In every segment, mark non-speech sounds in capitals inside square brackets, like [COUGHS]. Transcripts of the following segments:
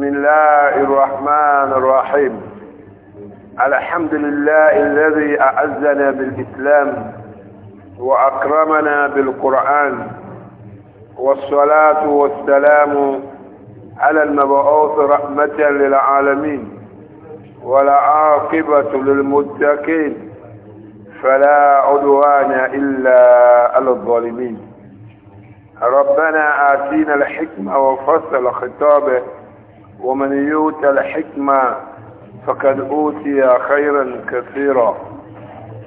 بسم الله الرحمن الرحيم الحمد لله الذي أعزنا بالإسلام وأكرمنا بالقرآن والصلاة والسلام على المبعوث رحمة للعالمين والعاقبة للمتقين فلا عدوان إلا على الظالمين ربنا آتينا الحكمة وفصل خطابه ومن يؤت الحكمة فقد أوتي خيرا كثيرا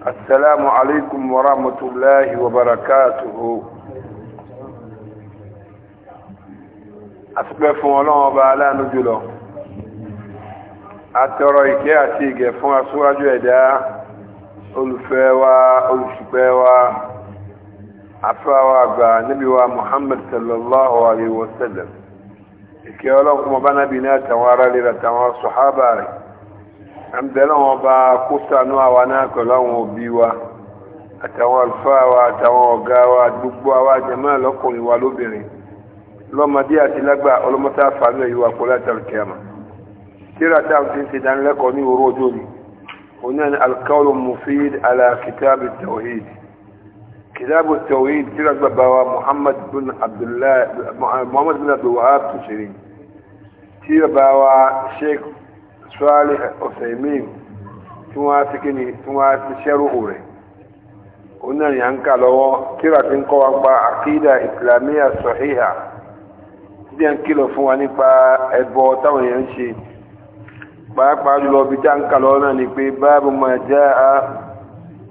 السلام عليكم ورحمة الله وبركاته أسبب الله وبعلا نجله atọrọ ìkẹ́ àti ìgẹ̀ fún aṣíwájú ẹ̀dá olùfẹ́ wa olùṣùpẹ́ wa afáwa àgbà níbi wa muhammad sallallahu alayhi wa sallam ìkẹ́ ọlọ́run kọmọ bá nábì ní àtàwọn ará lè àtàwọn sọ̀hábà rẹ̀ àǹbẹ̀lẹ̀ wọn bá kó sànú àwa náà pẹ̀lú àwọn òbí wa àtàwọn àlùfáà wa àtàwọn ọ̀gá wa gbogbo àwa jẹ̀mọ́ lọ́kùnrin wa lóbìnrin lọ́mọdé àti lágbà ọlọ́mọta fàánù ẹ̀yí wa pọ̀ láti àlùkẹ́yàmà tíra táwọn ti ń ṣe dánilẹ́kọ̀ọ́ ní òru ọjọ́ mi òun náà ni alkaulu mufid ala kitabi tawhid كتاب التوحيد كتاب بابا محمد بن عبد الله محمد بن عبد الوهاب تشرين tí bàbá wa sheikh suwali ọ̀sẹ̀mìn tí wọ́n ti kíni tí wọ́n ti ṣẹ́rùhù rẹ̀ onáni à ń kà lọ́wọ́ kíra ti ń kọ́ wa pa àkídà ìsìlámíyà sọ̀híhà tí díẹ̀ ń kìlọ̀ fún wa nípa ẹbọ táwọn èèyàn ń ṣe pàápàá jùlọ bí tá ń kà lọ́wọ́ náà ni pé báàbù máa jẹ́ a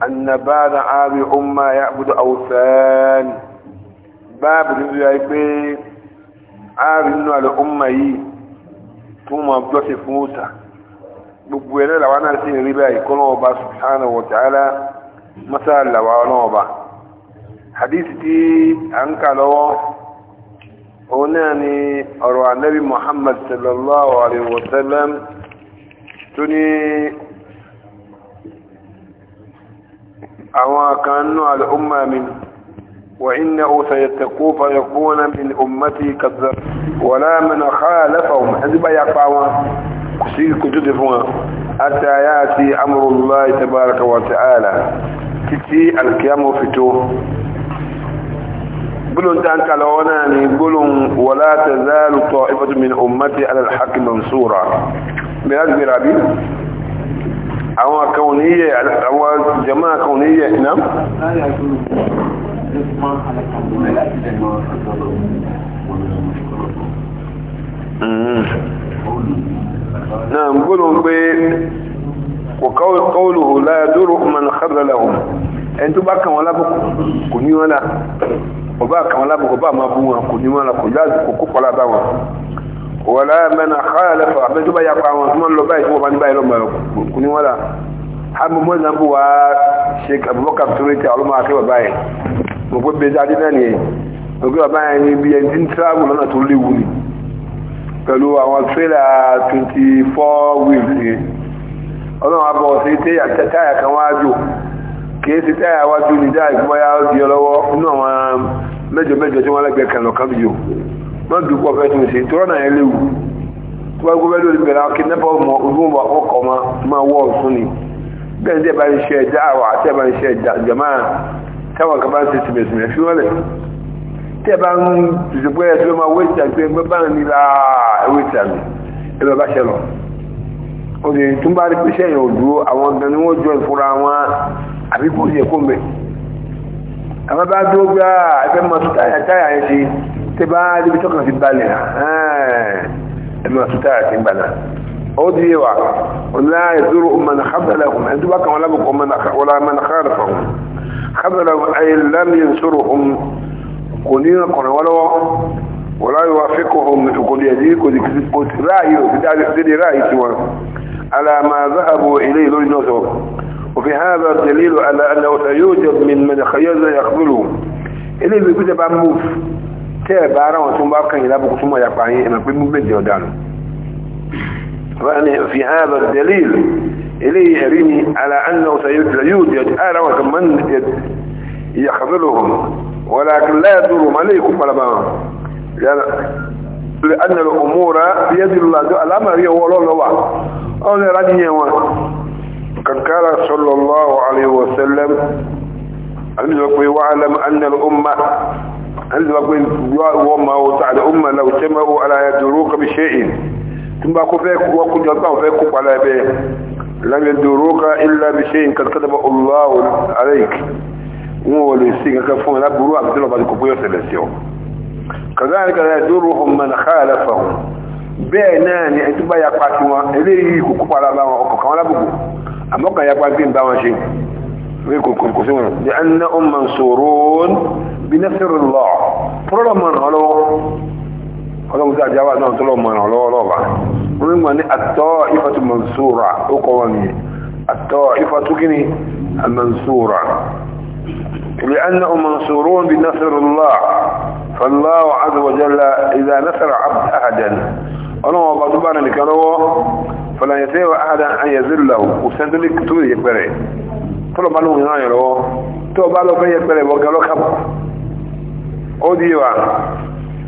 annabada abi umma ya abudu awusan báàbù ní wíwá pé ààrin nínú àlọ́ umma yìí tó máa jọ́sìn fún òòtà gbogbo ẹ̀rẹ́ làwọn náà sì rí báyìí kọ́ náà ọba subhanahu wa ta'ala mọ́sá làwọn náà ọba hadisi tí a ń kà lọ́wọ́ òun náà ni ọ̀rọ̀ anabi muhammad sallallahu alayhi wa sallam tó ní àwọn kan náà وإنه سيتقو فيكون من أمتي كذب ولا من خالفهم حزب يقعوا كسير كتدفوا حتى يأتي أمر الله تبارك وتعالى كتي القيام فتو بلون تانك لوناني بلون ولا تزال طائفة من أمتي على الحق منصورة هذا برابي أو كونية أو جماعة كونية نعم Mm. náà gbọ́nà pé kọkọ́lù láàdúró man khazalahu ẹn tó bá kàn wọ́n lábùkù kò ní wọ́n náà ọba kàn wọ́n lábùkù bá máa bú wọn kò ní wọ́n náà kò láàzù kò kó pọ̀lá bá wọn wọ́n láà mẹ́nà khalafa àbẹ́ tó bá yapa wọn tó máa lọ báyìí tó wọ́n bá ní báyìí lọ́mọ kò ní wọ́n náà hàmú mọ́nà bú wa Sheikh Abubakar Touré tí àlọ́mọ akẹ́wà báyìí mo pé bẹ́ẹ̀ dáadé náà nìyẹn mo pé bàbá yẹn bí ẹni tí ń travel lọ́nà tó léwu ni pẹ̀lú àwọn tírélà twenty four wheels yẹn ọlọ́run abọ́ sí táyà kan wá jò kìí sí táyà wájú ní dáa ìgbọ́yá di ọlọ́wọ́ inú àwọn mẹ́jọ mẹ́jọ tí wọ́n lẹ́gbẹ̀ẹ́ kan lọ́kàn jò wọ́n dùn pọ̀ fẹ́ tún sí tọ́rọ náà yẹn léwu tí wọ́n gbọ́dọ̀ lórí bẹ̀rẹ̀ àwọn kidnap ọmọ ogún ọmọ ọkọ̀ máa wọ́ ọ̀sùn ni bẹ́ẹ̀ ní ẹ̀bá ń ṣe ẹ̀dá àwọ̀ àti ẹ̀bá ń ṣe ẹ̀dá jẹ̀máà táwọn kan bá ń ṣe tìmẹ̀tìmẹ̀ fi wọ́n lẹ̀ tẹ́ bá ń tìṣe pé ẹ tí ó máa wé ìtàn pé ẹgbẹ́ bá ń nílá ewé ìtàn mi ẹ lọ bá ṣe lọ òde tún bá rí pé iṣẹ́ yẹn ò dúró àwọn gan ni wọ́n jọ ìfura wọn àbí kò yẹ kó mẹ́ àwọn bá dúró gbá ah, ẹgbẹ́ ah, wa ọ̀nà ìdúró ọmọ nàkàbẹ̀lẹ̀ ọmọ ẹ̀dúbà wọn lábùkù ọmọ nàkàbẹ̀lẹ̀ ọmọ خذلهم أي لم ينصرهم قنين قنولوا ولا يوافقهم قل يديك قد رأي بدأ رأي سوى على ما ذهبوا إليه لجنسهم وفي هذا دليل على أنه سيوجد من من خيزة يخذلهم إليه بيكوز بأموف تابعنا وثم أبقى إلى بقسم ويقعين إما بمبدي ودانه فأني في هذا الدليل eléyìí ẹ̀rí ni ala anna sayyidu yóò di ọjọ́ ara wọn kan man yàkàtọ́lọ́hùn walakin la yadurru ma lè kú palaba wọn lè anna lọ òmúra bí yẹ́ dìrò lájọ́ alámàrí ọwọ́ lọ́lọ́wà ọ́n lè rádi yẹn wọn kankara sallallahu alaihi wa sallam alìsọ pé wà alam anna lọ umma alìsọ pé wọ́n ma wọ́n tàà lọ umma lọ tẹ́mọ̀ ala yadurruka bi shay'in tún bá kó fẹ́ kú ọkùnjọ́ tán fẹ́ kú palaba bẹ́ẹ̀ لم يدروك إلا بشيء قد كتب الله عليك هو لسيك كفون لا بروا عبد الله بعد كبير سلسيو كذلك لا يدورهم من خالفهم بينان يتبا يقاتوا إليه كوكو على الله وكوكو على بكو أما كان يقاتين بما شيء لأنهم منصورون بنصر الله فرمان الله ọlọ́run tí àjáwà náà tó lọ́mọ ọ̀rọ̀ lọ́wọ́ lọ́ba orí mọ̀ ní àtọ́ ìfàtú mansura ó kọ́ wọn ni àtọ́ ìfàtú kí ni mansura لأنه منصورون بنصر الله فالله عز وجل إذا نصر عبد أحدا ọlọ́run ọba tó bá nà nìkan lọ́wọ́ fọlànyẹsẹ́ wa àádá ayẹ̀zẹ́rù làwù kò sẹ́ńtẹ́ ní tó yẹ pẹ̀rẹ̀ tọ́lọ̀ bá lóhun náà yẹ lọ́wọ́ tó bá lọ fẹ́ yẹ ó di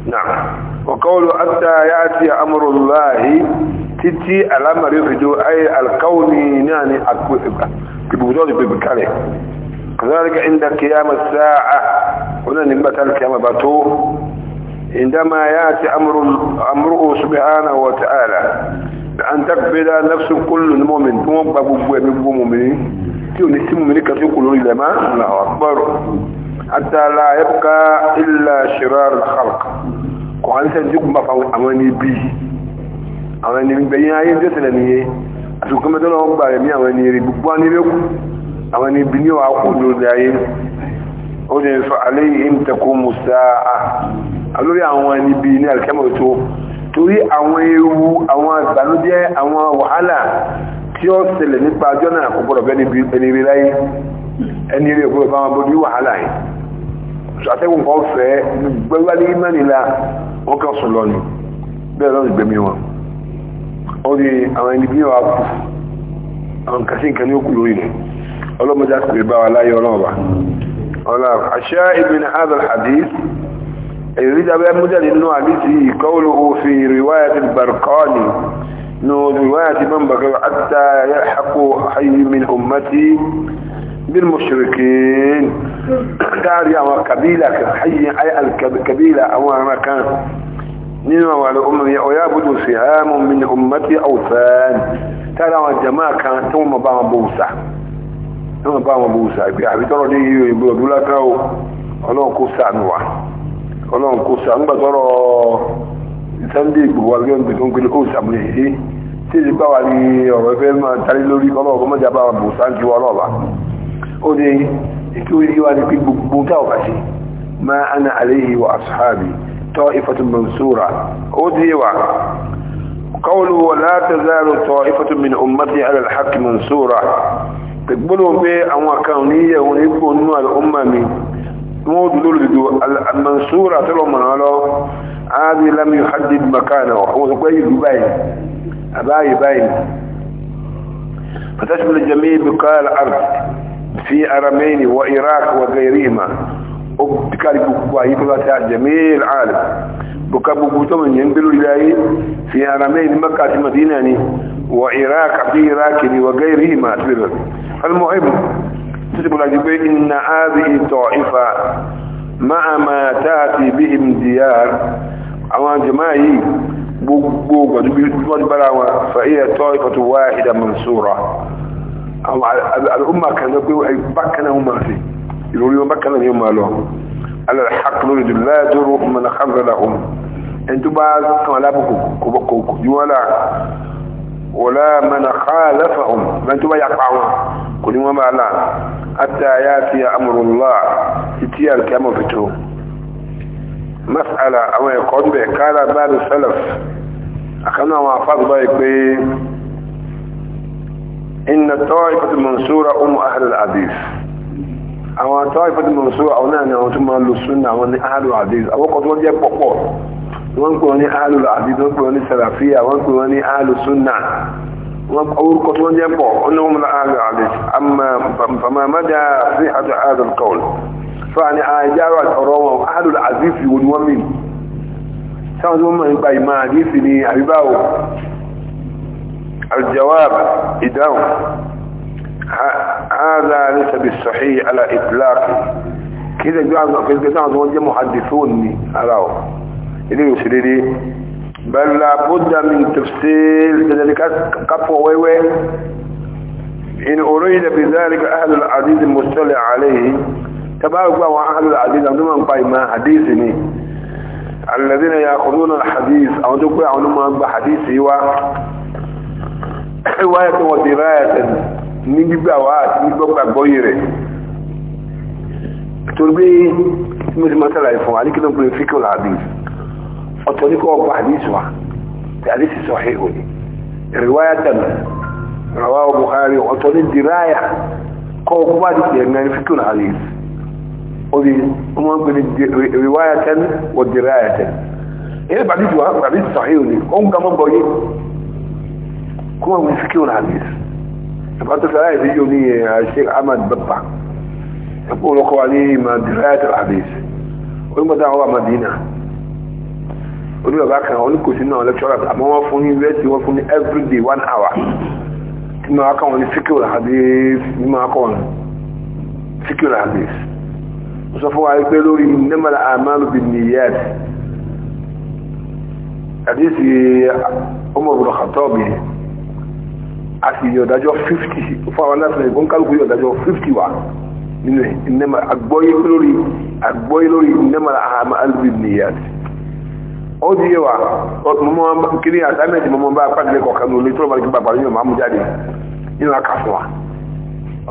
نعم وقول حتى يأتي أمر الله تتي الأمر يفجو أي القوم يعني بوجود ببكاله كذلك عند قيام الساعة هنا نمت الكيامة باتو عندما يأتي أمر أمره سبحانه وتعالى بأن تقبل نفس كل مؤمن مؤمن مؤمن مؤمن مؤمن مؤمن مؤمن كل مؤمن مؤمن مؤمن حتى لا يبقى إلا شرار الخلق وأن تنجب مفعول أماني بي أماني من بينا يجلس لني أتوكما دلهم بارمي أماني ربواني بيكم أماني بني وعقود لدائم أولي فعليهم تقوم الساعة أولي أماني بيني الكامل torí àwọn ewu àwọn àgbàlójẹ́ àwọn wàhálà tí ó ṣẹlẹ̀ nípa ọjọ́ náà kò gbọ́dọ̀ bẹ́ni rí láyé ẹni rí ògbọ́dọ̀ bá wọn bó ní wàhálà yìí àtẹ́gùn kan fẹ́ gbẹ́gbẹ́ alẹ́ ìmánì la wọ́n kàn sùn lọ ni bẹ́ẹ̀ lọ́nà ìgbẹ̀mí wọn ó ní àwọn ẹni bí wàá kù àwọn kàṣí nǹkan ní ó kù lórí rẹ̀ ọlọ́mọdé àti bá wa láyé ọlọ́ọ̀bà ọlọ́ọ̀bà àṣẹ ìbìnrin قوله في رواية البرقاني إنه رواية من بقر حتى يلحق حي من أمتي بالمشركين دار يا كبيلة حي أي الكبيلة أو مكان نينما وعلى أمي ويعبد سهام من أمتي أوثان ترى جماعة كانت ثم بام بوسع ثم بام بوسع بيحبي ترى لي يقول لك أو ọlọ́run kó sàánú wa ọlọ́run kó sàánú gbàtọ́rọ̀ sunday gbogbo agbẹ́ ọ̀gbẹ́ tó ń gbélé kóòsì àmúlẹ̀ yìí tí èdè bá wà ní ọ̀rọ̀ ẹgbẹ́ máa tarí lórí ọlọ́run kó mọ́jà bá wà bò sáájú ọlọ́ọ̀bá ó ní ìpé orí wá ní pé gbogbo táwọn bá ṣe ma ana alayhi wa ashabi ta'ifatun mansura ó dí wà qawlu wa la tazalu ta'ifatun min ummati ala al-haqq mansura gbogbo pé àwọn kan ní yẹ̀wò ní gbogbo nínú al'umma mi wọ́n dúró lòdò al tó lọ mọ̀nà lọ áàdì lam yuhaddid makana àwọn sọ pé ìlú báyìí àbáyìí báyìí فتشمل الجميع بقاع الأرض في أرمين وإراك وغيرهما أبتكار بكواهي بلاتها جميع العالم بكابو من ينبلو إلهي في أرمين مكة مدينة وإراك في إراك وغيرهما أتبر المهم تجب الأجيب إن هذه طائفة مع ما تأتي بهم ديار أو جماعي بوغو بوغو فهي طائفة واحدة منصورة al'umma kan na pé wọ́n bákan náà máa fi ìròrí wọn bákan náà ni máa lọ alàlhàkùn lórí jù láàdúró mọ̀nà kàmìlá ọmọ ẹni tó bá kàn alábùkù kòkòkò ju wọn là wọ́lá mọ̀nà kàlẹ́fà ọmọ ẹni tó bá yapa wọn kò ní wọn bá là àti àyà àti àmúrùnlá títí àlùkẹ́mọ̀ fìtó masala àwọn ẹ̀kọ́ ń bẹ̀ kára bá mi sẹ́lẹ̀ àkànnà àwọn afáàgbọ́ yìí pé إن الطائفة المنصورة أم أهل العزيز أو الطائفة المنصورة أو نانا وتم أهل السنة وأن أهل العزيز أو قد وجه بقور وأنكم أهل العزيز وأنكم أهل السلفية وأنكم أهل السنة وأقول قد وجه بقور أنهم أهل العزيز أما فما مدى صحة هذا القول فأنا أجارة الأروم أهل العزيز والمؤمن سأقول ما يبقى ما عزيز لي أبي الجواب إذا هذا ليس بالصحيح على إطلاق كذا جاء في الجزاء وجه محدثوني أراه إليه يسريري بل لا بد من تفسير ذلك قفوة ويوي إن أريد بذلك أهل العزيز المستلع عليه تبارك الله أهل العزيز عندما ما حديثني الذين يأخذون الحديث أو دقوا عنهم بحديثه wáyé tó wọ́n ti ráyà tẹ̀lé ní gbígbà wá àti gbígbọ́gbà gbọ́yì rẹ̀ torí pé tí mo ti máa tẹ̀lé fún wa ní kíló pé fíkọ̀ làbí ọ̀tọ̀ ní kọ́ ọgbà àdìs wa àdìs sọ hẹ́hùn ni ìrìwáyà tẹ̀lé rọwá Bukhari ọ̀tọ̀ ní dìráyà kọ́ ọkọ̀ bá dìtẹ̀ ẹ̀mẹ́ ní fíkọ̀ làbí obi wọ́n gbé ní ìrìwáyà tẹ̀lé wọ́n dìráyà tẹ̀lé kuma mun fi kiwon hadis ba ta tsara da yau ne a uh, sheik ahmad babba ta kuma uh, kowa ne ma dirayatar hadis wani ba dawowa madina wani ba kan wani kò sí náà lecturer amma wọn fún university wọn fún everyday one hour tí ma kan wani fi kiwon hadis ni ma kan wani fi kiwon hadis sọ fún wa pé lórí nímọ̀lá àmàlù bin niyat hadisi umar bin khattab a sì ìdájọ́ fifty fún àwọn aláṣẹ ìbọn kálukú yọ ìdájọ́ fifty wa nínú ìnẹ́mà àgbọ́yé lórí àgbọ́yé lórí ìnẹ́mà àhàmà alùbí nìyàt ó di yẹ wa mọ́mọ́ kiri àtàmẹ́tì mọ́mọ́ bá pàdé kọ̀ọ̀kan lórí tó lọ́mọdé bàbá yóò máa mú jáde nínú àkàfọ́ wa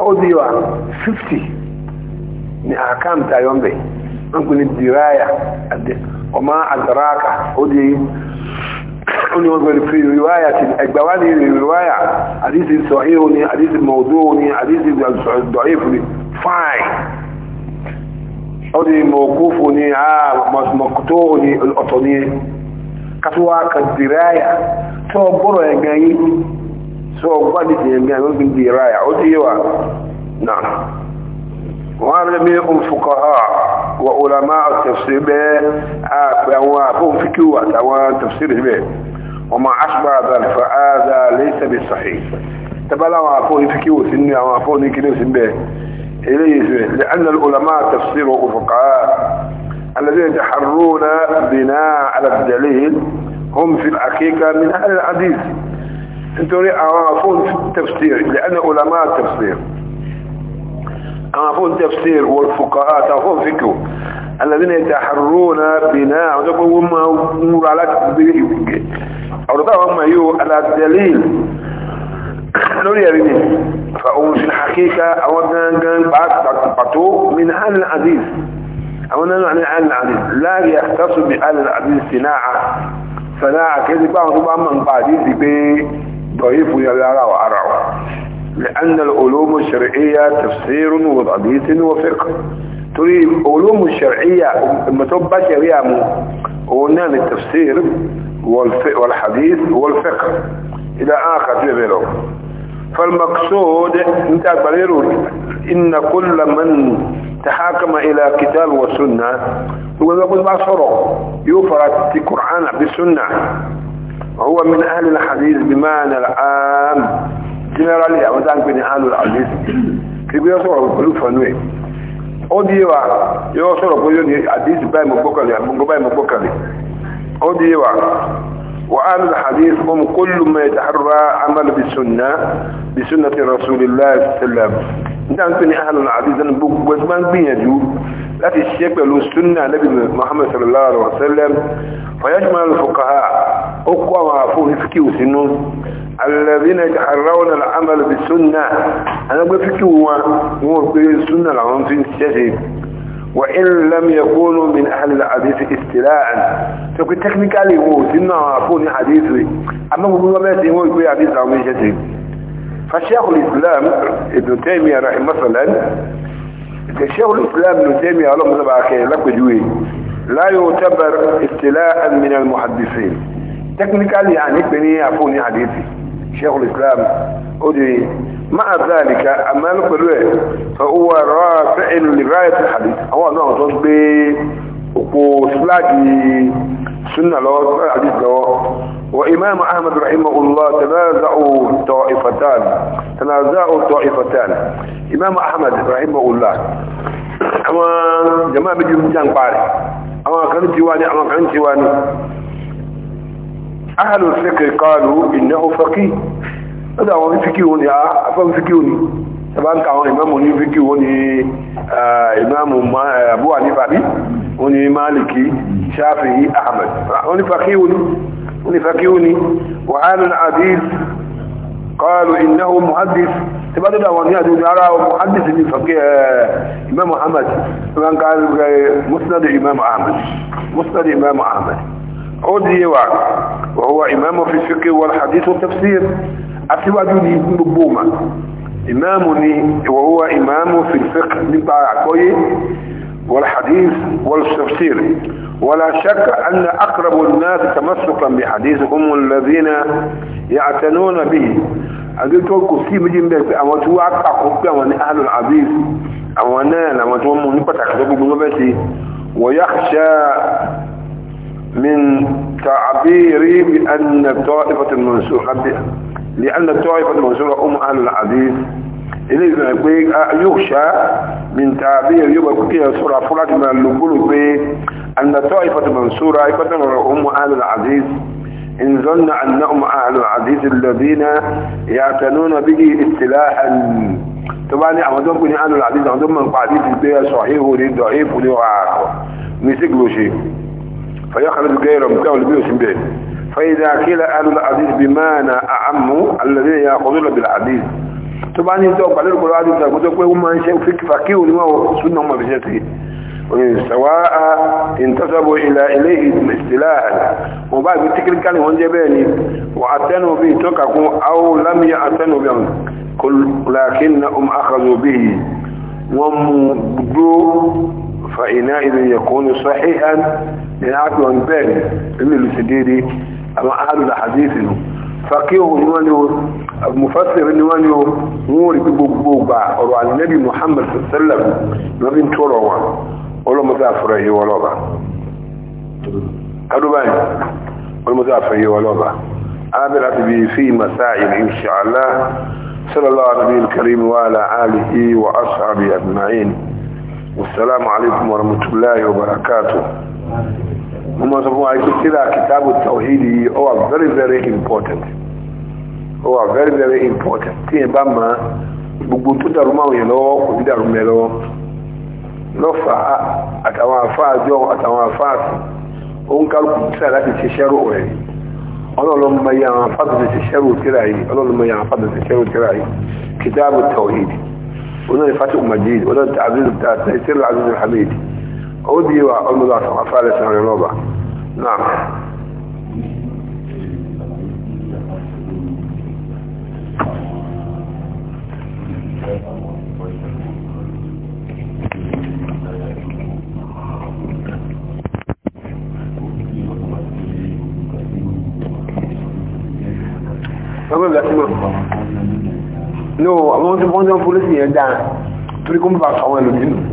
ó di yẹ wa fifty ni àkàm tayọ̀ ń bẹ̀ ń pè ní dìráyà ọmọ àdàràkà ó di ni wọ́n gbẹ̀rẹ̀ fi riwaya ti ẹgbàwá ni riwaya àdísì sọ̀híhù ni àdísì mọ̀ọ́dúnwò ni àdísì dọ̀ífù ni fine ọdún mọ̀ọ́kúfù ni àmọ̀kútó ni ọ̀tọ̀ ni katuwa kan diraya tó gbọ́rọ̀ ẹ̀gàn tó gbádìí ẹ̀gàn ó ti diraya ó ti yé náà وعلى منهم فقهاء وعلماء التفسير به وهم فكوا وهم تفسير به وما أشبه ذلك فهذا ليس بالصحيح تبلا وعفوه فكوا سنة وعفوه نكلم سن به إليه لأن العلماء التفسير وفقهاء الذين يتحرون بناء على الدليل هم في الحقيقة من أهل الحديث انتوا رأى وعفوه تفسير لأن علماء التفسير كما فون تفسير والفقهاء تفون فكر الذين يتحرون بناء وتقول وما أمور على تبريد أرضا وما يو على الدليل lórí ẹ̀rí ni fa'ohun fi hakika àwọn gangan pàtó min hannun aziz àwọn náà ní hannun aziz láàrí àtàṣù bí hannun aziz sina'a sana'a kéjì pé àwọn tó bá mọ̀ ń pa àdíjì pé dọ̀yí fún yàrá ara wa لأن العلوم الشرعية تفسير وحديث وفقه تريد علوم الشرعية متوبة شريعة هنا التفسير والحديث والفقه إلى آخر لغيره فالمقصود انت أكبريره إن كل من تحاكم إلى كتاب والسنة هو يقول ما صره يفرد القرآن بالسنة هو من أهل الحديث بمعنى العام generally àwọn tá ń pè ní alul aziz kìgbé yóò sọ̀rọ̀ pẹ̀lú fọ̀nù ẹ̀ ó di yé wa yóò sọ̀rọ̀ pé yóò ní hadith báyìí mo gbọ́kànlé àgbọ̀ngọ́ báyìí mo gbọ́kànlé ó di yé wa wa alul hadith hum kullu ma yataharra amal bi sunna bi sunnati rasulillah sallam nígbà tó ní alul aziz ní gbogbo ẹgbẹ́ الذين يتحرون العمل بالسنة أنا بفكوا وفي السنة لهم في السجد وإن لم يكونوا من أهل الحديث استلاء تقول تكنيكالي هو سنة أكون حديثي أما بقول ما يسمون يقول حديث عن الشيخ فالشيخ الإسلام ابن تيمية رحمه الله الشيخ الإسلام ابن تيمية الله مزبعك لك جوي لا يعتبر استلاء من المحدثين تكنيكالي يعني كني أكون حديثي شيخ الإسلام أدري مع ذلك أما نقول فهو رافع لغاية الحديث هو أنه تصبي وسلاجي سنة لو حديث لو وإمام أحمد رحمه الله تنازعوا طائفتان تنازعوا طائفتان إمام أحمد رحمه الله أما جماعة بجمجان باري أما كانت جواني أما كانت جواني أهل الفقه قالوا إنه فقيه هذا هو فقيه يا آه، أفهم فقيه سبحان كان إمام وني فقيه وني آه، إمام ما آه، أبو حنيفة بي وني مالكي شافعي أحمد وني فقيه وني فقيه وآل العديد قالوا إنه محدث تبادل ده وان يادو نرى محدث من فقيه إمام أحمد سبحان قال مسند إمام أحمد مسند إمام أحمد أودي وهو إمام في الفقه والحديث والتفسير أسوى دوني ببوما امام وهو إمام في الفقه من عقوي والحديث والتفسير ولا شك أن أقرب الناس تمسكا بحديث هم الذين يعتنون به كسي تقول كثير مجين بك أما توقع قبل أهل العزيز أما نال أما توقع من نبتك ويخشى من تعبيري بأن طائفة المنصورة لأن طائفة المنصورة أم أهل الحديث إليه بيك يخشى من تعبير يبقى كي سورة فلات ما نقول به أن طائفة المنصورة يقدر أم أهل العزيز إن ظن أنهم أهل العزيز الذين يعتنون به اصطلاحا طبعا عندهم كن أهل العزيز عندهم من قاعدين في البيئة صحيح ولي ضعيف ولي وعاق مسك فيخرج غيرهم كانوا لبيوسم به فإذا قيل أهل الحديث بمعنى أعم الذين يأخذون بالحديث طبعا يتوقع لكم الحديث تقول لكم هم شيء فقيه لما سنة هم بجنته سواء انتسبوا إلى إليه استلاحا وبعد بالتكر كان هون جباني وأتنوا به توقعكم أو لم يأتنوا به كل لكنهم أخذوا به ومدوا فإنئذ يكون صحيحا ìyá àti wọn bẹ́ẹ̀ ni ìlú ṣe déédéé àwọn àádùlà hadith nù fàkíhù ni wọ́n ni o mufassir ni wọ́n ni o wọ́n rí gbogbo gbà ọ̀rọ̀ alẹ́bí muhammad sallam lórí ń tọrọ wọn olómọdé àfẹ́rẹ́ yìí wọ́n lọ́ba adúbà ni olómọdé àfẹ́rẹ́ yìí wọ́n lọ́ba arábìnrin àti bíi fi masáyìn inṣàlá sallallahu alayhi wa karim wa barakatuh mo mọ̀ sọ fún wa kíkíra kìtàbù tàwíìdì yìí very very important ó wà very very important tí yẹn bá ma gbogbo tó dàrú máa yẹn lọ́wọ́ kò ní dàrú mẹ́ lọ́wọ́ lọ́fà àtàwọn àfáàjọ àtàwọn àfáàsì ó ń kálukú tíra láti ṣe ṣẹ́rù rẹ̀ ọlọ́run mọ iye àwọn afáàtò ti ṣe ṣẹ́rù tíra yìí ọlọ́run mọ iye àwọn afáàtò ti ṣe ṣẹ́rù tíra yìí kìtàbù tàwíìdì olóyè fatih majid olóyè tàbí tàbí tàbí tàbí tàbí tàbí ó di wa ọlọ́dà fún afárẹ́ sẹ́rin lọ́ba náà. ọmọ ìgbà tí mọ̀ no àwọn tí wọ́n jọ polisi yẹn dáa torí kó ń bá àwọn ẹlòmínú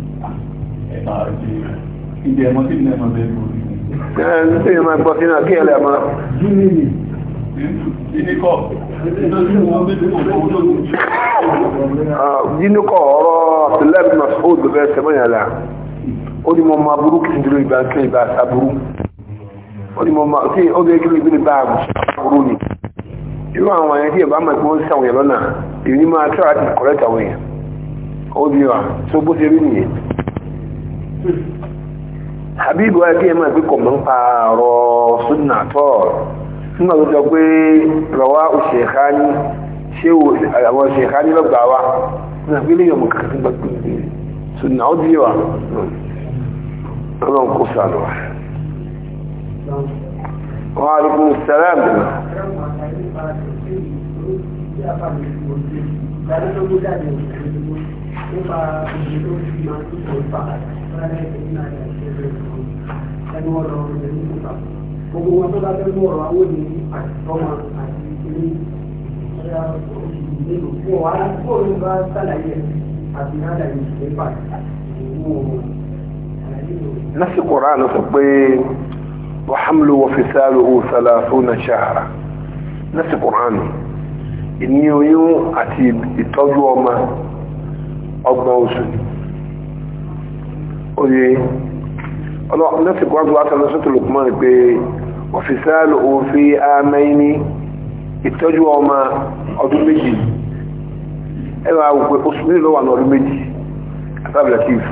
ìdí ẹ̀mọ́ tí ìdílé ẹ̀mọ́ bẹ́ẹ̀ kò rí. ẹ̀ẹ́n tí ìyẹn máa gbọ́ sínú àkí ẹ̀lẹ́ àmọ́. jíníkọ̀ jíníkọ̀ ọ̀rọ̀ abdullahi bin masoud bẹ́ẹ̀ sẹ́mọ́ yàrá ó ní mo máa burú kí n dúró ìgbà kí ìgbà sábúrú ó ní mo máa kí ó gé kí ìgbà ìgbà burú ni irú àwọn ẹni tí ìbá máa gbọ́n sáwọn yẹn lọ́nà èyí máa tọ́ àti kọ̀rẹ́tà wọ̀nyẹn ó bí wa tó bó ṣe rí nìyẹn habibu ayé ẹ̀ máa gbé kọ̀mọ́ ń pa ọ̀rọ̀ sunna tọ́ nígbà tó sọ pé rọwá òṣèkání ṣéwò àwọn òṣèkání lọ́gbà wa ní àgbélé yọ̀mù kàkàtí gbàgbé sunna ó díẹ̀ wa ọlọ́run kó sànù wa. wa alaikum salam nípa ìdílé tó fi máa ń tó ìfàkàtà ẹnu ọ̀rọ̀ ọ̀rọ̀ ní kúta gbogbo wọn tó bá fẹ́ mú ọ̀rọ̀ awó nasi Qur'an sọ pé wa hamlu wa fisaluhu salasuna nasi Qur'an ìní àti ìtọ́jú ọmọ ọgbọ̀n oṣù ni oye ọlọ́sìnkú agbára sọ lọ́sọ́tò lùkùmọ́ ni pé ọ̀fíìsáàlù òfin amẹ́ni ìtọ́jú ọmọ ọdún méjì ẹ máa wù pé oṣù mélòó lọ́wọ́ àwọn ọdún méjì atablative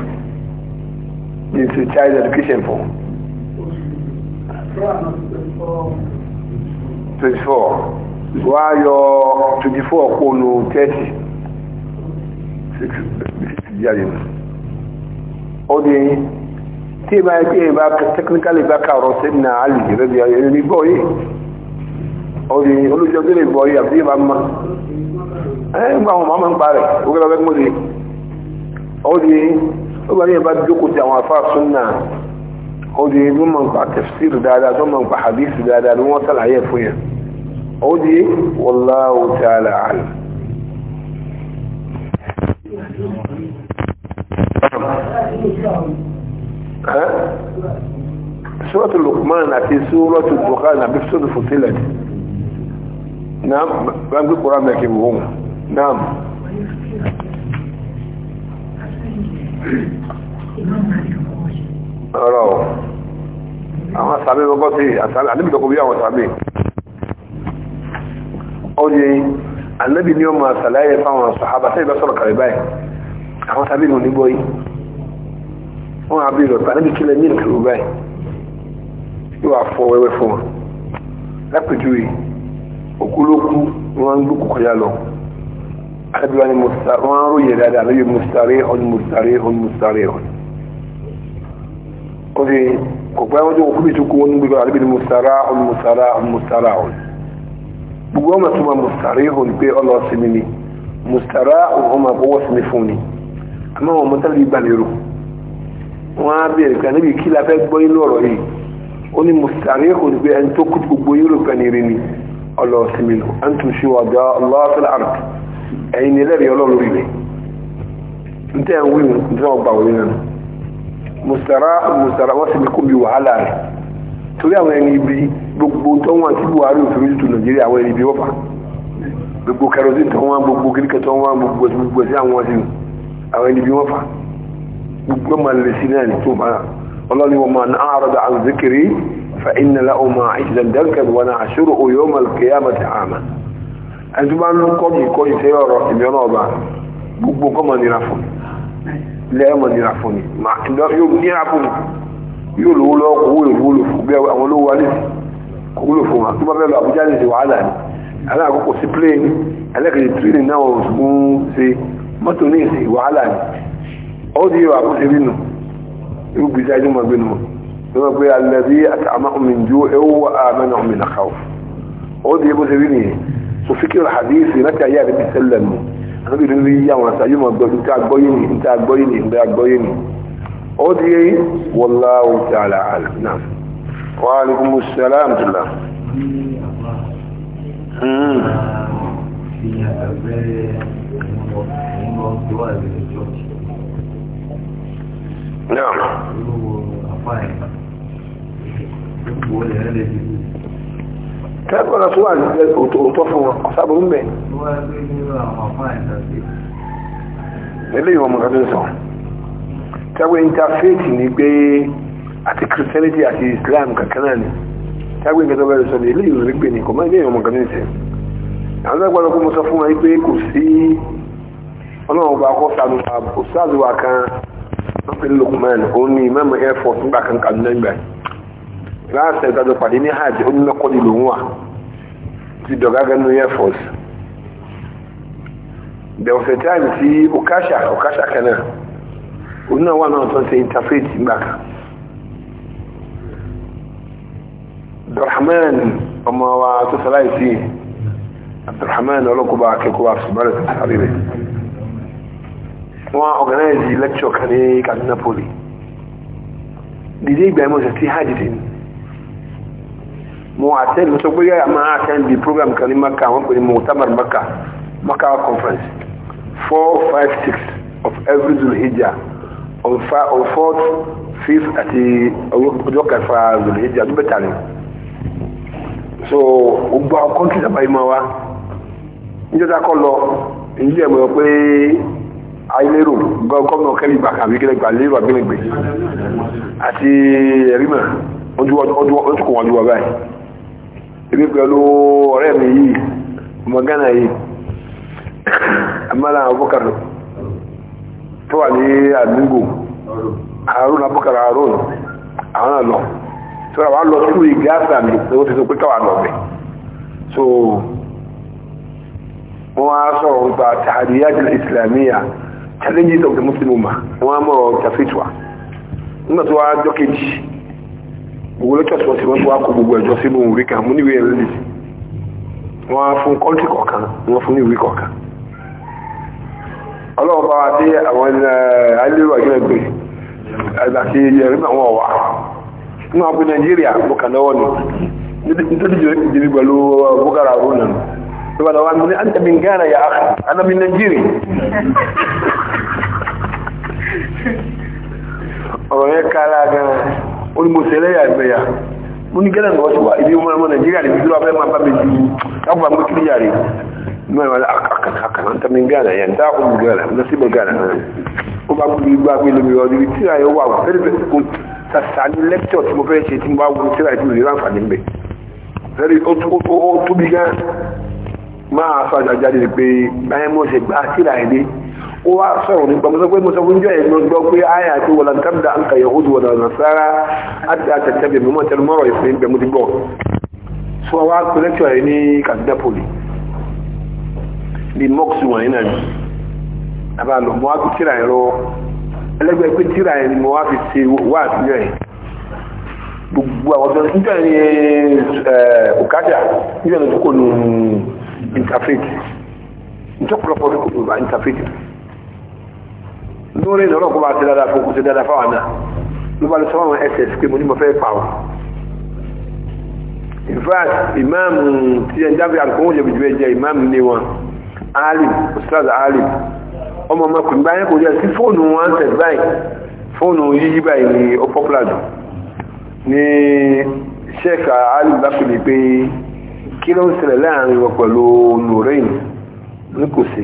means child education for 24 wá yọ 24 kónú 30 6 jáde nù ó di eyín tí ìbá yẹ kí ìbá technically bá ka ọ̀rọ̀ sẹ́yìn náà àlè jẹ́ lẹ́bi ayé ní bọ́ yìí ó di eyín olùjọ́ tó lè bọ́ yìí àbí ìbá mọ́ ẹ ń gba àwọn màmá ń parẹ́ ó kẹ́lẹ́ fẹ́ mú di ó di ó bá yẹ bá jókòó ti àwọn afá sún náà ó di ló mọ̀ nípa tafsir dáadáa tó mọ̀ nípa hadith dáadáa ló wọ́n sàlàyé fún yẹn ó di wallahu سورة اللقمان في سورة الدخان في سورة فتلة نعم بنقول القرآن لكن هم نعم ọ̀rọ̀ àwọn àsàbí gbogbo sí àdébìdọ̀kọ̀ bí àwọn àsàbí ó ní ànábì ní ọmọ àsàlẹ́yẹ fáwọn sàhábà tẹ́ ìbá sọ̀rọ̀ kàrí báyìí àwọn wọn àbí ìrọ̀pá níbi kílẹ̀ ní ìlú báyìí yóò wà fọ wẹ́wẹ́ fún wọn lápèjúwe òkú ló kú wọn ń gbókù kọjá lọ àdàbíwá ni wọn ń ròyìn dáadáa lóye mùsàrí ọ̀n mùsàrí ọ̀n mùsàrí ọ̀n ó fi kò pẹ́ wọn tó kú bí tó kú wọn ń gbégbá àdàbí ni mùsàrá ọ̀n mùsàrá ọ̀n mùsàrá ọ̀n gbogbo ọmọ tó ma mùsàrí ọ̀n pé ọlọ́ọ̀sìn mi ni mùsàrá ọ̀n ọmọ àbọ̀wọ̀sìn mi fún ni àmọ́ wọn mọ́tàlì ìgbàlérò wọ́n á bèèrè kan níbi kí la fẹ́ gbọ́ inú ọ̀rọ̀ yìí ó ní mùsàrí kò ní pé ẹni tó kú gbogbo yìí ní rí ni ọlọ́ọ̀sìnmi lò ẹni tó ṣe wà ẹ̀yin ni ẹlẹ́rìí rẹ̀ tẹ́ ẹ̀ ń wí mu tẹ́ gbà wọlé wọ́n sì kó wàhálà rẹ̀ torí àwọn ẹni ibi gbogbo tó wọn àti Buhari òfin ojú Nàìjíríà àwọn ẹni ibi wọ́pà gbogbo kẹrọsí tó wọn gbogbo kíríkẹ wọn gbogbo ma lè sí náà tó bá ọlọ́ni wọn ma náà rọ̀dà àwọn zikiri fa iná láò ma àìsàn dẹ́kẹ̀ wọn náà àṣírò òyò ma lè kéyà mọ̀ tààmà ẹni tó bá ń kọ́ mi kọ́ ìṣe ọ̀rọ̀ ìmìíràn ọba gbogbo kọ́ ma nira fún lẹ́ẹ̀ ma nira fún ni ma yóò yóò ní ó di wà kó ṣe rí nù irú gbèsè ayé mọ̀ gbénu mọ̀ ní wọ́n pé alẹ́bí àti àmàkùnmin ju ewu àmàna ọ̀mìnà káwọ̀ ó di kó ṣe rí nìyẹn so fíkìr hadith láti ayé àti bisẹ́lẹ̀ nù àti ìlú rí yà wọn àtàyè mọ̀ gbọ́ níta gbọ́yé ni níta gbọ́yé ni níta gbọ́yé ni ó di wallahu ta'ala alam náà wa alaikum salaam tula. Mm kẹ́kọ̀ọ́ náà tó wà ní òótọ́ fún wọn ọ̀sáàbùrú mẹ́ ilé ìwọ̀n mọ̀ká tó sọ tẹ́gbẹ́ interfaith ní pé àti Christianity àti Islam kankan náà ni tẹ́gbẹ́ ìgbẹ́ tó bẹ̀rẹ̀ sọ ní ilé ìwọ̀n gbé ní kọ̀mọ́ ilé ìwọ̀n mọ̀ká tó sọ àwọn ẹgbẹ́ kó mọ́ sọ fún wọn pé kò sí ọlọ́run ọba akọ́sàlùwà kan pẹ̀lú Lukman ó ní mẹ́mọ̀ air force nígbà kan kan lẹ́gbẹ̀ẹ́ láti ẹ̀dájọ́ pàdé ní hajj ó ní mẹ́kọ́ ní lòun wà ti dọ̀gágá ní air force there was a time tí Okasha Okasha kanáà ó náà wà náà tán ṣe interfaith nígbà kan Abdulrahman ọmọ wa tó sọ láì sí Abdulrahman ọlọ́kùnbà akẹ́kọ̀ọ́ àṣùbọ́n rẹ̀ tó sáré rẹ̀ wọ́n organize lecture kan ní Kaduna Poly dìde ìgbà ẹmọ ṣe tí hajj dì ní mo attend mo sọ pé yára attend the program kan ní Maka wọ́n pè ní Muktamar Maka Maka conference 4 5 6 of every Zulhijjah on 4th 5th àti ọjọ́ kẹfà Zulhijjah ló bẹ̀tà ni so gbogbo àwọn kọ́ńtì sábà yìí máa wá níjọ́ta kọ́ lọ èyí jẹ́ mọ̀ pé ayélérò gọ́ọ̀nà kẹ́lìgbà àbíkẹ́lẹ́gbà lérò àbílẹ̀gbẹ̀ àti ẹ̀rímà ojúkò wọn jùwà báyìí ebi pẹ̀lú ọ̀rẹ́ mi yìí ọmọ Ghana yìí amára Abubakar tó wà ní àdúgbò Harun Abubakar Harun àwọn àlọ́ tó rà wá lọ sí ìgbésà mi ni wọ́n ti sọ pé káwà lọ bẹ̀ so wọ́n á sọ̀rọ̀ nípa tàhàdìyà ìsìlámíyà challenges of the muslim ummah wọ́n á mọ̀rọ̀ tafitwa nígbà tó wá jọ́ kejì gbogbo lọ́tọ̀ọ̀tì wọ́n ti wọ́n tó wá kó gbogbo ẹ̀jọ́ sínú ìwé kan mú níwèé ẹ̀rọ lèdì wọ́n á fún kọ́ńtì kọ̀ọ̀kan wọ́n fún ní ìwé kọ̀ọ̀kan ọlọ́run bá wa dé àwọn eh, alérò àjọyọ̀ pé àti ẹ̀rí náà wọ́n wà nínú àpò nàìjíríà mo kà lọ́wọ́ ni nítorí jìnnì pẹ̀lú eh, bukara rúnà ló bá lọ́wọ́ àmì ní àǹtẹ̀mí gánà yà á àná mi nàìjíríà ọ̀rọ̀ yẹn kára gan-an ó ní mo tẹ́lẹ̀ yà ìgbẹ̀yà mo ní gẹ́lẹ̀ nǹkan tó wà ibi ọmọ ọmọ nàìjíríà níbi tó wà fẹ́ máa bá mi ju káàbù àmọ́ kí níyà rè mọ́ ìwà àkàkà àkàkà ń tẹ́mi gánà yẹn dá òun gánà lọ sí ibẹ̀ gánà náà ó bá gbé gbá gbé lómi ọdún tí àyè wà fẹ́rẹ́ kò tàṣà ní lẹ́kítọ̀ tí mo fẹ́ ṣe tí mo bá wo tí àyè tí mo lè ráǹfààní mbẹ̀ fẹ́rẹ́ ó tóbi gán máa sọ àjàjáde pé báyẹn mọ̀ ṣe gbá sí àyè ó wá sọ̀rọ̀ nípa mọ́sọ́ pé mọ́sọ́ fúnjọ́ ẹ̀ gbọ́ pé àyà tó wọ̀lá nǹkan da ń ka yahudu wọ̀lá nasara àti àtẹ̀tẹ̀bẹ̀ mímọ́ tẹnu mọ́rọ̀ ìfẹ́ ìgbẹ̀mú ti gbọ́ so wá pẹ̀lẹ́tọ̀ ẹ̀ ní kàdínàpọ̀lì ní mọ́ọ̀sì wọ̀n nínà ni àbá lọ mọ́ àti tíra ẹ̀rọ ẹlẹ́gbẹ́ pé tíra ẹ̀ ni mo wá fi ṣe wá àtijọ́ ẹ̀ gbogbo àwọn ọjọ́ níjọ́ ẹ̀ ọ̀kadà níjọ́ ẹ̀ tó kò nù interfaith níjọ́ pọ̀lọpọ̀ ní kò nù interfaith tó rìn lọ́rọ̀ kó bá ti dáadáa kó kó ti dáadáa fáwọn náà ló bá lè sọ àwọn ẹsẹ̀ sí pé mo ní mo fẹ́ pa wọn. in fact ìmáàmù tí ẹn jábí àgbọ̀n òjò bìjú ẹ jẹ ìmáàmù ní wọn alim ustaz alim ọmọ ọmọkùnrin báyẹn kò jẹ sí fóònù wọn tẹ̀ báyìí fóònù yíyí báyìí ni ó popular jù ní sheikh alim lápẹ̀lẹ̀ pé kò sí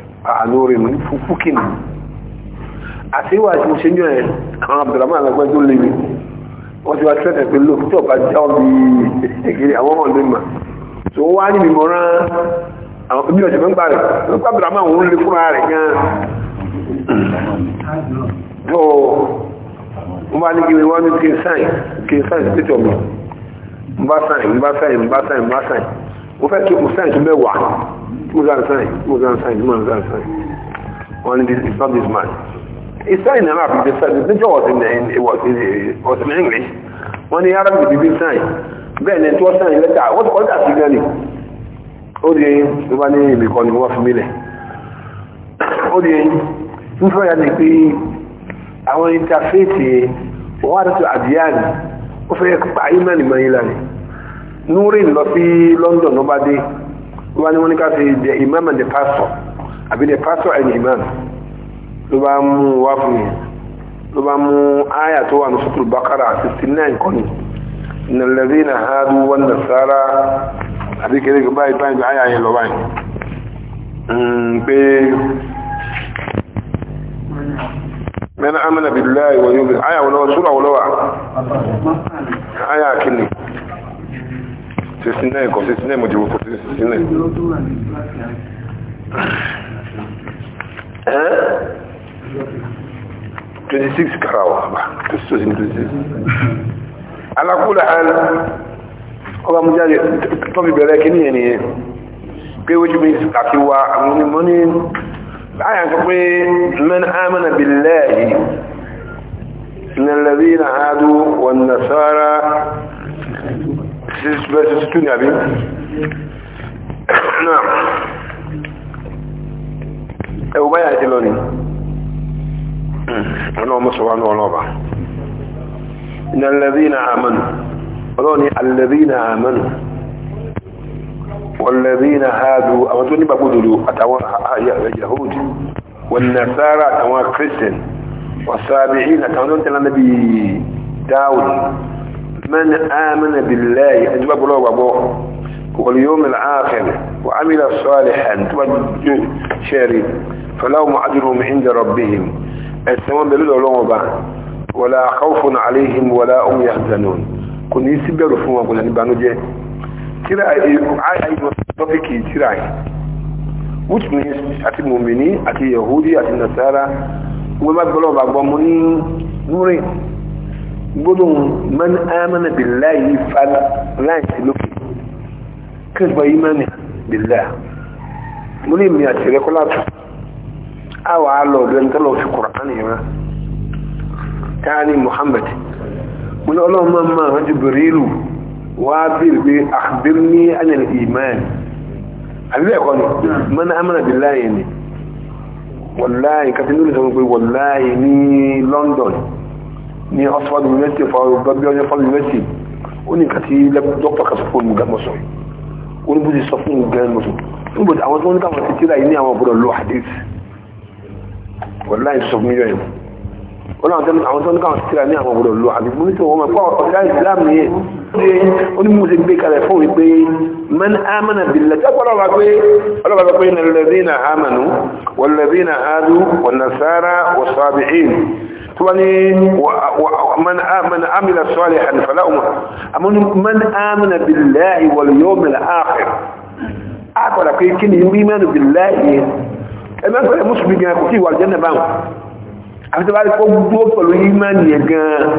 àánú rẹ̀ mú fúkì nù àtiwà tí mo ṣe ń jọ ẹ̀ àwọn abdulhamid alagbẹ́ tó léwu wọ́n ti wá tẹ́tẹ̀ pé ló tó ọba já ọbí ìgbèrè àwọn ọmọ ọdún mà tó wá ní ìmọ̀ràn àwọn ọmọ ọdún mẹ́gbà rẹ̀ ló pa abdulhamid àwọn olè fúnra rẹ̀ gan tó wọ́n bá ní kíni wọ́n ní kí n sáìn kí n sáìn pété ọmọ n bá sáìn n bá sáìn n bá sáìn n sáìn mo fẹ́ kí n sáìn tó mẹ́wàá Move and sign. Move and sign. Move and sign. Only this is not this man. He signed in Arabic. The signature the job. in it was in, it was in English. When the Arab did not sign, then it was signed later. What was that signature? ó di wá ní ìbìkan ni wọ́n fi mílẹ̀ ó di fífọ́ ya ni pé àwọn interfaith wọ́n wá tó àdíyàní ó fẹ́ pa ayé mẹ́rin mẹ́rin lánìí núrí lọ sí London ló bá dé wọ́n ní wọ́n ní fi the imam and the pastor àbí the pastor and imam ló bá mú wá fún yẹn ló bá mú àyà tó wà ní sọ́tò bákàrà sixty nine kọ́ni nàlẹ́rì nà hàdú wọn nà sára àbí kéré báyìí báyìí àyà yẹn lọ báyìí hmm, pé mẹ́rin amẹ́nà bìláì wọ́n yóò bẹ̀rẹ̀ àyà wọn sixty nine kọ sixty nine mo dìbò kọ sixty nine. twenty six kara wa ba twenty two twenty six. alakula hàn ọba mo jáde tọ́bi bẹ̀rẹ̀ kí nìyẹn nìyẹn pé ojú mi àti wa àwọn onímọ̀ ní báyà sọ pé mẹ́ni àmàna billahi min alladhina hadu wan nasara. 66 verse 62 ni àbí [COUGHS] náà ẹ̀wù báyà ti lọ ni hmm. ọ̀nà ọmọ sọ̀rọ̀ ní ọlọ́ọ̀bà iná lẹ́bí na àmànù ọlọ́ọ̀ni alẹ́bí na àmànù wọ́lẹ́bí na hádù àwọn tó nípa gbódòdó àtàwọn yahudi wọ́n nasara àtàwọn christian wọ́n sáàbì من آمن بالله أجب بلو بابو واليوم الآخر وعمل صالحا شاري فلهم أجرهم عند ربهم السلام بلو لهم ولا خوف عليهم ولا هم يحزنون كن يسبر فما كنا نبانو جي ترى أي topic ترى which means àti mùmìnì àti yahudi àti nasara وما má gbọ́lọ́ bàgbọ́ mú gbólóhùn man amana billahi fal láìsí lókè kẹgbà yí mẹ́ni billahi mo ní ìmì àti ìrẹ́kọ́lá tó a wà á lọ ọ̀dọ́ ní tọ́lọ̀ fi Kùránì yìí rán káàní Muhammad mo ní ọlọ́run máa máa rán Jibrilu wá bèèrè pé akhbirni anil iman àbíbẹ̀ ẹ̀kọ́ ni man amana billahi ni wàláyé kàtí nílùú sọ pé wàláyé London ní oxford university of babylon oxford university ó ní nǹkan tí dókítà kan sọ fún mi gàmọ́ sọ ó ní bó ti sọ fún mi gàmọ́ sọ fún bó ti àwọn tí wọ́n ní káwọn ti tíra yìí ní àwọn ọ̀bọ̀dọ̀ lo hadith wọ́n láì sọ mílíọ̀n yìí wọ́n láwọn tí wọ́n ní káwọn ti tíra ní àwọn ọ̀bọ̀dọ̀ lo hadith mo طبعاً من آمن عمل صالحا فلهم من آمن بالله واليوم الآخر أقول لك كن يؤمن بالله أما أقول لك مسلم جاء كتير والجنة بام أفتح بعد كم دوب فلو يمان يجا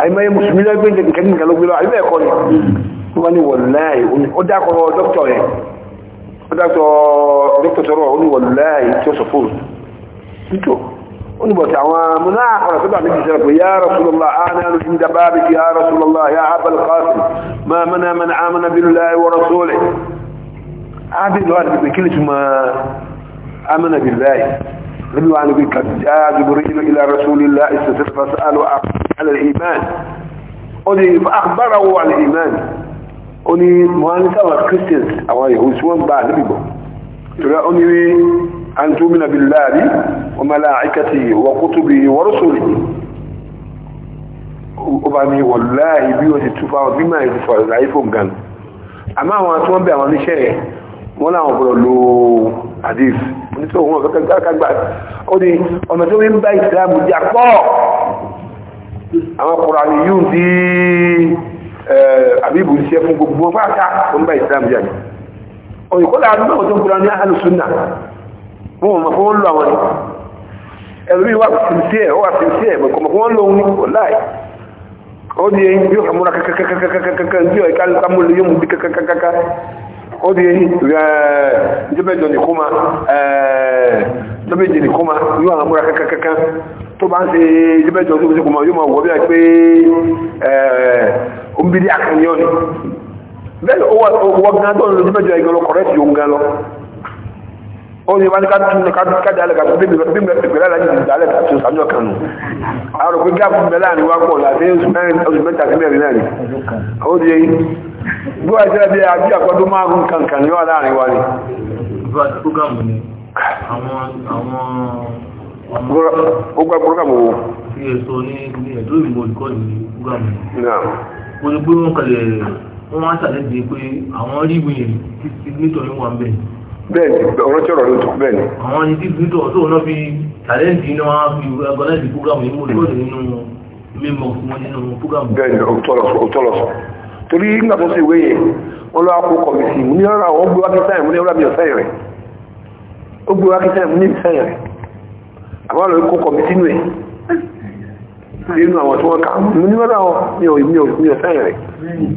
أي ما يمسلم لا يبين كن كن قالوا بلا أي ما يقول طبعاً والله وده أقول دكتور دكتور دكتور والله توصفون انتو wani bauta wa muna akwai saba na jisar ku ya rasulullah ana nufin da babu ya rasulullah ya abal qasim ma mana mana amana billahi wa rasulih abin da wani bikin shi ma amana billahi nabi wa nabi kan ja jibril ila rasulillah istatir fasalu ala iman oni fa akhbarahu ala iman oni mu'anika wa christians awai who swan ba bo to oni أن تؤمن بالله وملائكته وكتبه ورسله أبامي والله بيوتي تفاوة بما يتفاوة ضعيفهم كان أما هو أتوان بأما نشيه wọ́n láwọn ọ̀pọ̀lọ̀ lo hadith onítọ̀ òun ọ̀fẹ́ kẹgbàgbà ó ní ọmọ tó ń bá ìsìlámù jà pọ̀ àwọn ọkùnrin àmì yóò dí àbíbù iṣẹ́ fún gbogbo wọn fáta ó ń bá ìsìlámù jà ní òyìnkọ́lá àdúgbò tó ń kúrò ní àlùsùnà wọn mọ̀ fún lọ àwọn ni sincere wà sincere mọ̀ kọ̀ mọ̀ fún lọ ní kò láì ó di eyín yóò kà múra kàkàkàkàkàkà ní ọ̀ká ní kámú di eyín jẹ́bẹ̀jọ ní kó ma jẹ́bẹ̀jọ ní kó ma yóò àwọn múra kàkàkàkà tó bá ń ṣe jẹ́bẹ̀jọ tó ṣe kò mọ̀ yóò mọ̀ wọ́ bí i pé ó ń oye wani ka tunu ka ka da ka bi bi bi bi la ni da le ka tu sanjo kan aro ko ga bu bela ni wa ko la de usman usman ta kire ni ni o de bu a je de a bi akodo ma gun kan kan yo la ni wa ni bu a program ni àwọn àwọn o gba program o ti so ni ni e do mo ko ni program ni na mo ni pé wọ́n kale wọ́n wá ṣàlẹ́ di pé àwọn rí ìwé yẹn nítorí wọn bẹ́ẹ̀ bẹ́ẹ̀ni ọ̀rọ̀ tí ọ̀rọ̀ ló tún bẹ́ẹ̀ni. àwọn ẹni tí gbígbó tó náà fi tàlẹ́ǹtì iná wá fi agbọ́nẹ́sì púrógàmù yìí mú lóòrùn nínú mímọ̀ fún nínú púrógàmù. bẹ́ẹ̀ni òtọ́lọ̀sọ̀ torí nígbà tó sì wéyẹ wọn lọ akó kọmìtì mú ní mú ní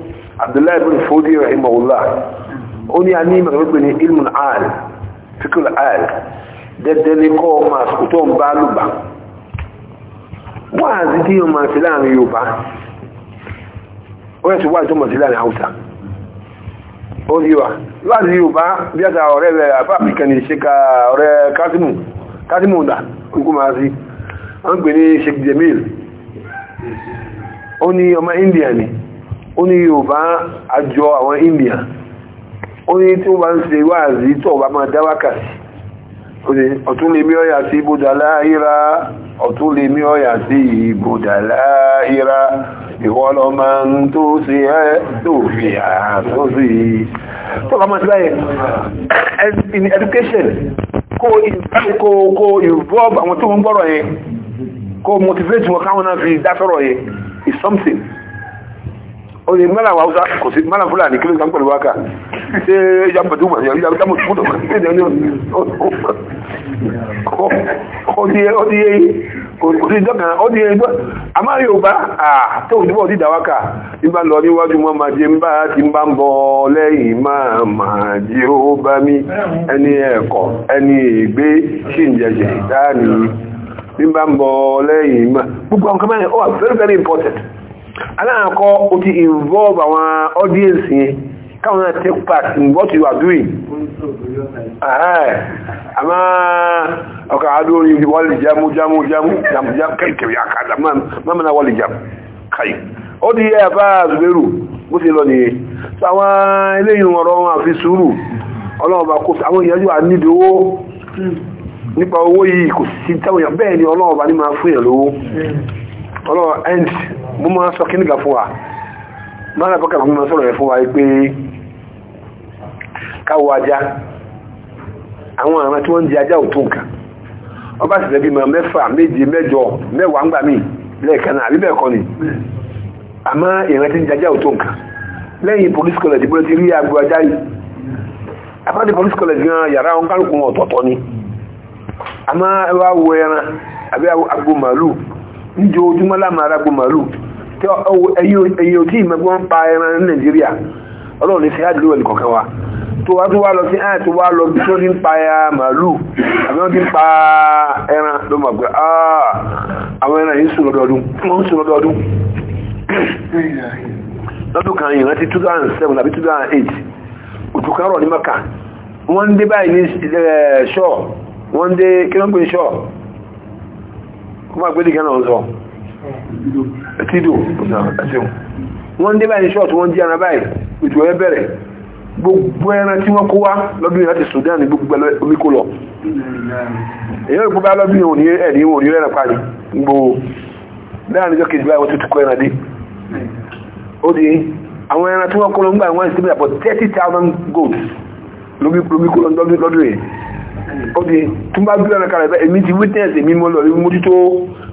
abdullahi bin fodi rahimahullah ó ní a ní ìmọ̀ pé ní ilmun al fikul al dẹ́dẹ́ ní kọ́ ọmọ àsìkò tó ń bá lùbà wọ́n àti tí ọmọ àti láàrin yorùbá ó yẹ sí wá ìtọ́mọ̀ sí láàrin haúsá ó ní wà láti yorùbá bí àtà ọ̀rẹ́ rẹ̀ àbá àfíkà ní ṣe ka ọ̀rẹ́ kásímù kásímù kúkú máa sí wọ́n pè ní sheikh jamil ó ní ọmọ india ni ó ní yorùbá àjọ àwọn india ó ní tí wọ́n bá ń ṣe wáàzí tó bá máa dáwákà sí ọ̀tún lè mí ọ̀yà sí ibodà láàáyíra ọ̀tún lè mí ọ̀yà sí ibodà láàáyíra ìwọ lọ tó sí ẹ́ tó fi àtó tó bá in education kó kó involve àwọn tó ń motivate wọn káwọn náà fi dá sọ́rọ̀ yẹn is something o lè mọ́là wa hausa kò sí mọ́là fúlàní kí ló sàn pẹ̀lú wákà ṣé ìjà pẹ̀lú mọ̀ ìjà pẹ̀lú mọ̀ fúdọ̀ ó di ó di kò sí ìjọ kan ó di ìjọ àmọ́ yorùbá tó ń dúpọ̀ dídà wákà nígbà lọ níwájú mọ́ máa jẹ nígbà tí ń bá ń bọ̀ lẹ́yìn máa máa jẹ ó bá mi ẹni ẹ̀kọ́ ẹni ìgbé sì ń jẹjẹ dáa ni nígbà ń bọ̀ lẹ́yìn máa kan mẹ́rin ó very very important. aláàkọ́ o ti involve àwọn audience yẹn káwọn take part in what you are doing àmá ọkà adórin wọ́lì jámú jámú jámú jámú ó di lọ nìyẹn so eléyìn ọ̀rọ̀ wọn àfi sùúrù àwọn owó nípa owó yìí mo máa sọ kí nígbà fún wa máa rẹ̀ bọ́kà gúnmọ́ sọ̀rọ̀ ẹ̀ fún wa pé káwọ ajá àwọn àwọn tí wọ́n ń di ajá ò tó nǹkan ọba sì lẹ́bí ma mẹ́fà méje mẹ́jọ mẹ́wàá ń gbà mí lẹ́ẹ̀kan náà àbí kọ́ ni àmọ́ ìrántí ń di ajá ò tó nǹkan lẹ́yìn police college bó ti rí agbo ajá yìí àbáde police college gan yàrá wọn kálukú ọ̀tọ̀ọ̀tọ̀ ni àmọ́ ẹ wá wo ẹran àbí agbo màálù níjọ ojúmọ́ lámàrà gbò màálù tí ẹ̀yìn ojú ìmẹ́gbọ́n pa ẹran ní nàìjíríà ọlọ́run ní sí àdúrà ẹ̀lì kọ̀ọ̀kan wa tó wá tó wá lọ sí àyà tó wá lọ bí tó ní ń pa màálù àbí wọ́n ti ń pa ẹran ló mọ̀ pé àwọn ẹran yìí sùn lọ́dọọdún wọ́n ń sùn lọ́dọọdún lọ́dún kan yìí rántí 2007 àbí 2008 òtù kan rọ̀ ní mọ́kà wọ́n ń dé báyìí ní ṣọ́ọ̀ wọ́n ń dé kí kọmọ àgbẹ́dì kan náà sọ tídò ẹ̀sìn wọ́n dé báyìí ṣọ́ọ̀tù wọ́n jí ara báyìí ètò ẹ bẹ̀rẹ̀ gbogbo ẹran tí wọ́n kó wá lọ́bìnrin láti Sudan ní gbogbo omi kó lọ èyàn ìgbó bá lọ́bìnrin òní ẹ̀rí òní ẹran pa ní gbogbo láàrin ìjọ kejì báyìí wọ́n ti kó ẹran dé ó di àwọn ẹran tí wọ́n kó lọ ń gbà wọ́n ti tẹ́tí thousand gold lómi kó lọ lọ́dún yìí ọdẹ tún bá gbílẹ̀ mẹ́kàrà ẹ̀bẹ́ èmi ti witness èmi mọ́ lọ rí mójútó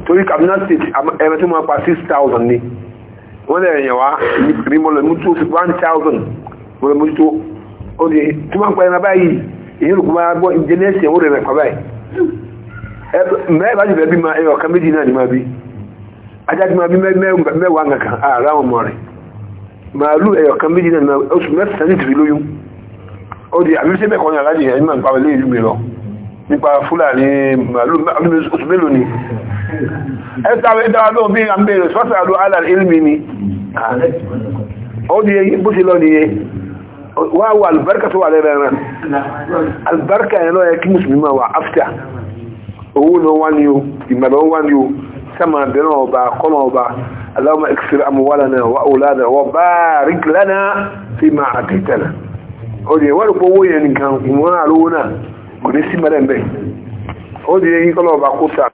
torí Kaduna state ẹ̀rẹ́ tí wọ́n pa 6,000 ní wọ́n lẹ̀ ẹ̀yàn wá èmi mọ́ lọ mójútó 1,000 mọ́ lọ mójútó ọdẹ tún bá ń pa ẹ̀rẹ́ báyìí èyí ló kún bá gbọ́ ìjẹ́nẹ́sì ẹ̀wọ́n rẹ̀ pa báyìí mẹ́ẹ̀bá jù bẹ́ẹ̀ bí ma ẹ̀yọ̀ kan méjì náà ni ma bí ajá ti ma bí mẹ́wàá nǹkan àrà ọmọ rẹ̀ màálù ẹ̀yọ̀ kan méjì náà oṣù mẹ́sàn-án ní ìtìrí lóyún ó di àbí síbẹ̀ kan ní aláàjì ẹni máa ń pa ilé ìlú mi lọ nípa fúlàní oṣù mélòó ni ẹ sáré dára lóhun bí àmì bèèrè sọ́sà ló alà ilmi ni ó di bó ṣe lọ nìyẹ wá wà alùbáríkà tó wà lẹ́rẹ̀ rẹ̀ alùbáríkà yẹn lọ́yẹ kí mùsùlùmí máa wà áfíà ọba kọ́nà ọba aláwọ̀ ẹ̀kṣẹ̀rẹ̀ amúwálànà wà ó lánà wà bá rí lánà fi máa àtẹ́tẹ̀lẹ̀ o di wọ́n rò pé owó yẹn nìkan ìwọ́n àlówó náà kò esi o di ọba